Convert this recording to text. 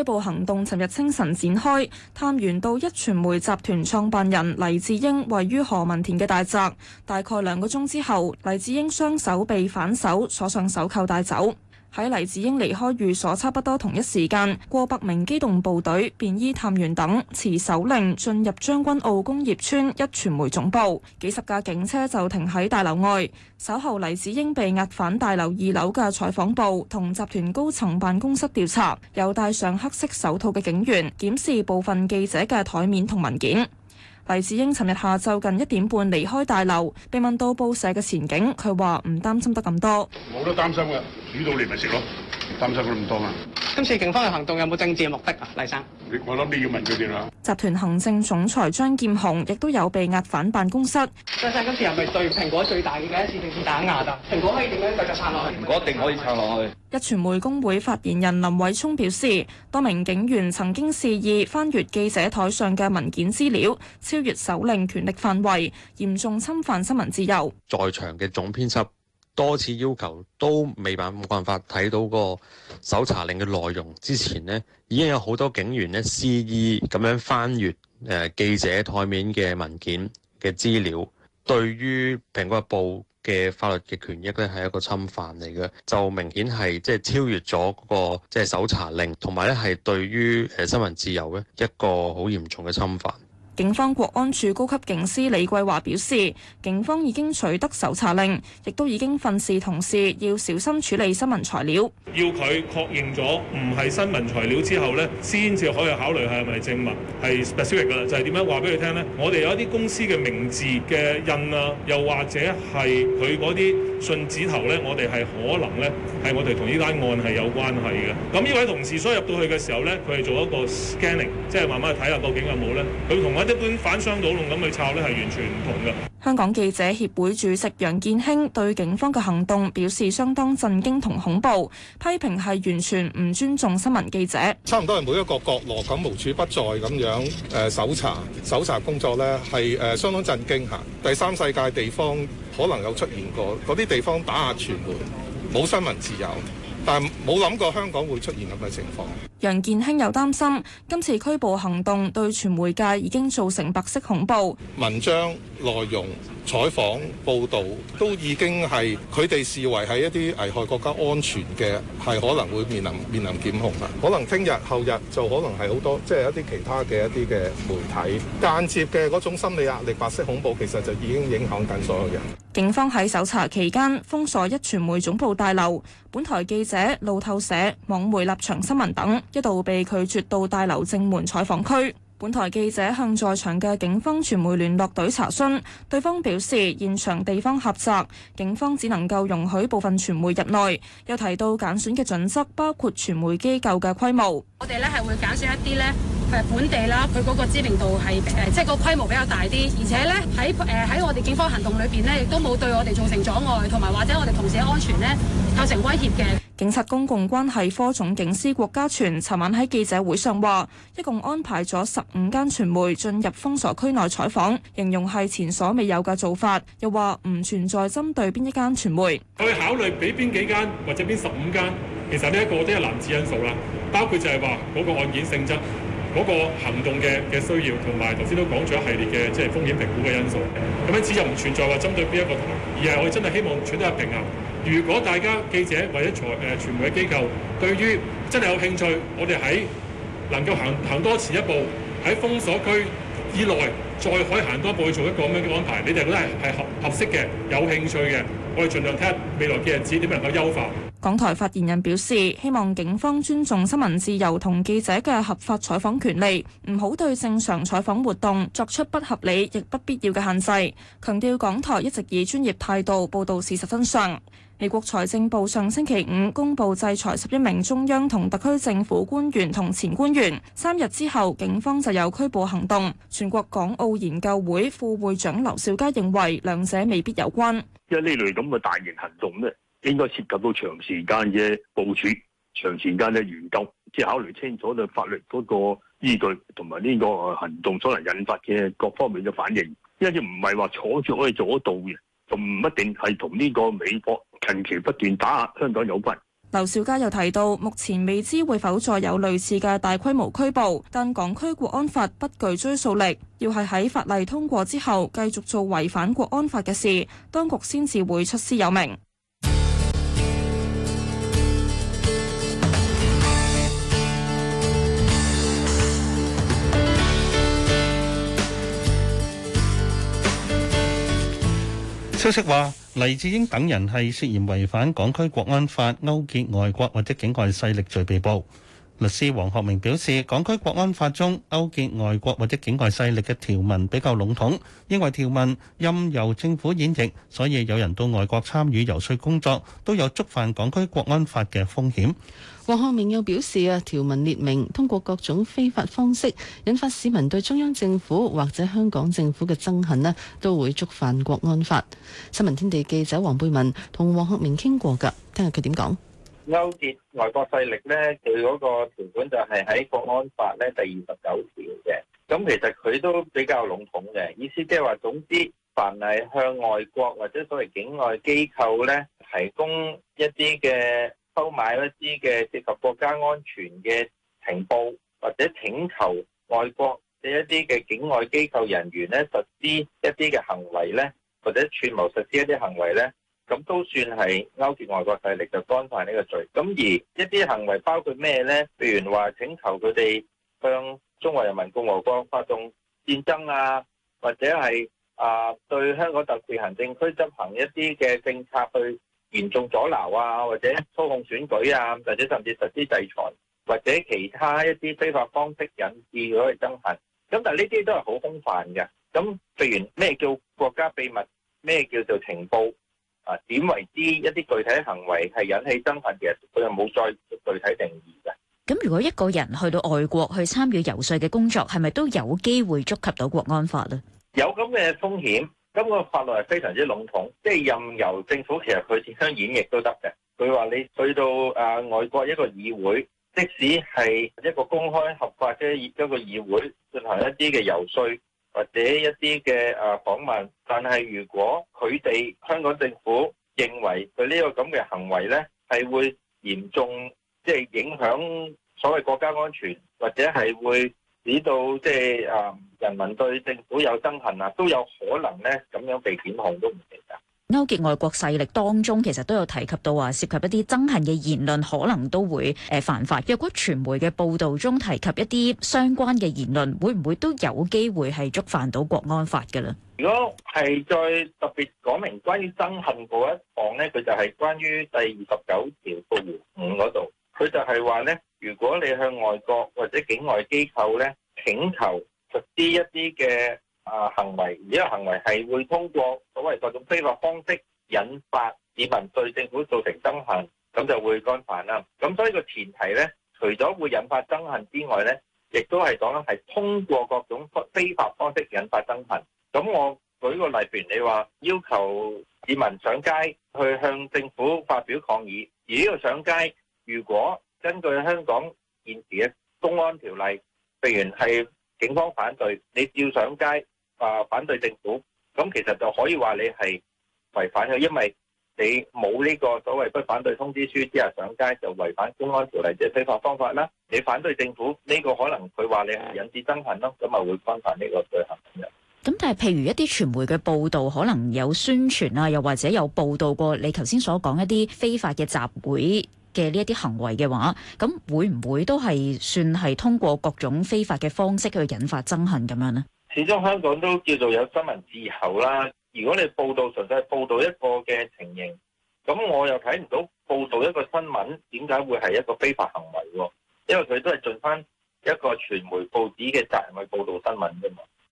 呢一步行動尋日清晨展開，探員到一傳媒集團創辦人黎智英位於何文田嘅大宅，大概兩個鐘之後，黎智英雙手被反手鎖上手扣帶走。喺黎智英離開寓所差不多同一時間，過百名機動部隊、便衣探員等持手令進入將軍澳工業村壹傳媒總部，幾十架警車就停喺大樓外，稍後黎智英被押返大樓二樓嘅採訪部同集團高層辦公室調查，有戴上黑色手套嘅警員檢視部分記者嘅台面同文件。黎智英尋日下晝近一點半離開大樓，被問到報社嘅前景，佢話唔擔心得咁多，冇得擔心嘅，煮到你咪食咯，擔心得咁多嘛。今次警方嘅行動有冇政治嘅目的啊，黎生？我諗你要問佢點啊。集團行政總裁張劍虹亦都有被押返辦,辦公室。今次係咪對蘋果最大嘅第一次政治打壓啊？蘋果可以點樣繼續撐落去？蘋果一定可以撐落去。壹傳媒工會發言人林偉聰表示，多名警員曾經示意翻閱記者台上嘅文件資料，超越首領權力範圍，嚴重侵犯新聞自由。在場嘅總編輯。多次要求都未辦冇辦法睇到個搜查令嘅內容，之前咧已經有好多警員咧肆意咁樣翻閱誒、呃、記者台面嘅文件嘅資料，對於蘋果日報嘅法律嘅權益咧係一個侵犯嚟嘅，就明顯係即係超越咗嗰、那個即係、就是、搜查令，同埋咧係對於誒新聞自由咧一個好嚴重嘅侵犯。警方國安處高級警司李桂華表示，警方已經取得搜查令，亦都已經訓示同事要小心處理新聞材料，要佢確認咗唔係新聞材料之後呢先至可以考慮係咪證物係 specific 嘅啦，就係點樣話俾佢聽呢？我哋有一啲公司嘅名字嘅印啊，又或者係佢嗰啲信紙頭呢，我哋係可能呢係我哋同呢單案係有關係嘅。咁呢位同事所以入到去嘅時候呢，佢係做一個 scanning，即係慢慢去睇下究竟有冇呢。佢同一一般反商倒亂咁去抄呢係完全唔同嘅。香港記者協會主席楊建興對警方嘅行動表示相當震驚同恐怖，批評係完全唔尊重新聞記者。差唔多係每一個角落咁無處不在咁樣誒搜查，搜查工作呢係誒相當震驚嚇。第三世界地方可能有出現過嗰啲地方打壓傳媒，冇新聞自由，但冇諗過香港會出現咁嘅情況。楊建興又擔心今次拘捕行動對傳媒界已經造成白色恐怖。文章內容、採訪報導都已經係佢哋視為係一啲危害國家安全嘅，係可能會面臨面臨檢控啦。可能聽日、後日就可能係好多，即係一啲其他嘅一啲嘅媒體間接嘅嗰種心理壓力、白色恐怖，其實就已經影響緊所有人。警方喺搜查期間封鎖壹傳媒總部大樓，本台記者、路透社、網媒立場新聞等。一度被拒絕到大樓正門採訪區。本台記者向在場嘅警方傳媒聯絡隊查詢，對方表示現場地方狹窄，警方只能夠容許部分傳媒入內，又提到揀選嘅準則包括傳媒機構嘅規模。我哋咧係會揀選一啲呢，本地啦，佢嗰個知名度係誒、呃、即係個規模比較大啲，而且咧喺誒喺我哋警方行動裏邊咧，亦都冇對我哋造成阻礙，同埋或者我哋同事嘅安全咧構成威脅嘅。警察公共關係科總警司郭嘉銓尋晚喺記者會上話一共安排咗十五間傳媒進入封鎖區內採訪，形容係前所未有嘅做法。又話唔存在針對邊一間傳媒，去考慮俾邊幾間或者邊十五間，其實呢一個都係難治因素啦，包括就係話嗰個案件性質。嗰個行動嘅嘅需要，同埋頭先都講咗一系列嘅即係風險評估嘅因素。咁樣子就唔存在話針對邊一個台，而係我哋真係希望取得一個平衡。如果大家記者或者財誒傳媒嘅機構對於真係有興趣，我哋喺能夠行行多前一步，喺封鎖區以內再可以行多一步去做一個咁樣嘅安排，你哋覺得係合合適嘅、有興趣嘅，我哋盡量睇下未來嘅日子點樣能夠優化。港台發言人表示，希望警方尊重新聞自由同記者嘅合法採訪權利，唔好對正常採訪活動作出不合理亦不必要嘅限制，強調港台一直以專業態度報道事實真相。美國財政部上星期五公佈制裁應該涉及到長時間嘅部署、長時間嘅研究，即係考慮清楚嘅法律嗰個依據，同埋呢個行動所能引發嘅各方面嘅反應。因為唔係話坐住可以做得到嘅，就唔一定係同呢個美國近期不斷打壓香港有關。劉兆佳又提到，目前未知會否再有類似嘅大規模拘捕，但港區國安法不具追溯力。要係喺法例通過之後繼續做違反國安法嘅事，當局先至會出師有名。消息話，黎智英等人係涉嫌違反港區國安法、勾結外國或者境外勢力罪被捕。律師黃鶴明表示，港區國安法中勾結外國或者境外勢力嘅條文比較籠統，因為條文任由政府演繹，所以有人到外國參與遊說工作都有觸犯港區國安法嘅風險。黃鶴明又表示啊，條文列明通過各種非法方式引發市民對中央政府或者香港政府嘅憎恨咧，都會觸犯國安法。新聞天地記者黃貝文同黃鶴明傾過噶，聽下佢點講。勾結外國勢力咧，佢嗰個條款就係喺《國安法》咧第二十九條嘅。咁其實佢都比較籠統嘅，意思即係話總之，凡係向外國或者所謂境外機構咧提供一啲嘅、購買一啲嘅涉及國家安全嘅情報，或者請求外國嘅一啲嘅境外機構人員咧實施一啲嘅行為咧，或者串謀實施一啲行為咧。咁都算係勾結外國勢力，就干犯呢個罪。咁而一啲行為包括咩呢？譬如話請求佢哋向中華人民共和國發動戰爭啊，或者係啊、呃、對香港特別行政區執行一啲嘅政策去嚴重阻撓啊，或者操控選舉啊，或者甚至實施制裁或者其他一啲非法方式引致嗰個憎恨。咁但係呢啲都係好空泛嘅。咁譬如咩叫國家秘密？咩叫做情報？點為之一啲具體行為係引起爭執嘅，佢又冇再具體定義嘅。咁如果一個人去到外國去參與游說嘅工作，係咪都有機會觸及到國安法咧？有咁嘅風險，咁個法律係非常之籠統，即係任由政府其實佢自己演繹都得嘅。佢話你去到誒外國一個議會，即使係一個公開合法嘅一個議會進行一啲嘅游說。或者一啲嘅誒訪問，但係如果佢哋香港政府認為佢呢個咁嘅行為咧，係會嚴重即係、就是、影響所謂國家安全，或者係會使到即係誒人民對政府有憎恨啊，都有可能咧咁樣被檢控都唔定勾結外國勢力當中，其實都有提及到話涉及一啲憎恨嘅言論，可能都會誒犯法。若果傳媒嘅報導中提及一啲相關嘅言論，會唔會都有機會係觸犯到國安法嘅咧？如果係再特別講明關於憎恨嗰一項咧，佢就係關於第二十九條到五嗰度，佢就係話咧，如果你向外國或者境外機構咧請求實施一啲嘅。啊！行為而呢個行為係會通過所謂各種非法方式引發市民對政府造成憎恨，咁就會干犯啦。咁所以個前提咧，除咗會引發憎恨之外咧，亦都係講咧係通過各種非法方式引發憎恨。咁我舉個例，譬如你話要求市民上街去向政府發表抗議，而呢個上街，如果根據香港現時嘅公安條例，譬如係警方反對，你照上街。啊！反對政府咁，其實就可以話你係違反佢，因為你冇呢個所謂不反對通知書之下上街就違反公安條例，即係非法方法啦。你反對政府呢個可能佢話你係引致憎恨咯，咁咪會干犯呢個罪行咁。但係，譬如一啲傳媒嘅報導，可能有宣傳啊，又或者有報導過你頭先所講一啲非法嘅集會嘅呢一啲行為嘅話，咁會唔會都係算係通過各種非法嘅方式去引發憎恨咁樣呢？始終香港都叫做有新聞自由啦。如果你報道純粹係報道一個嘅情形，咁我又睇唔到報道一個新聞點解會係一個非法行為，因為佢都係盡翻一個傳媒報紙嘅責任去報道新聞㗎嘛。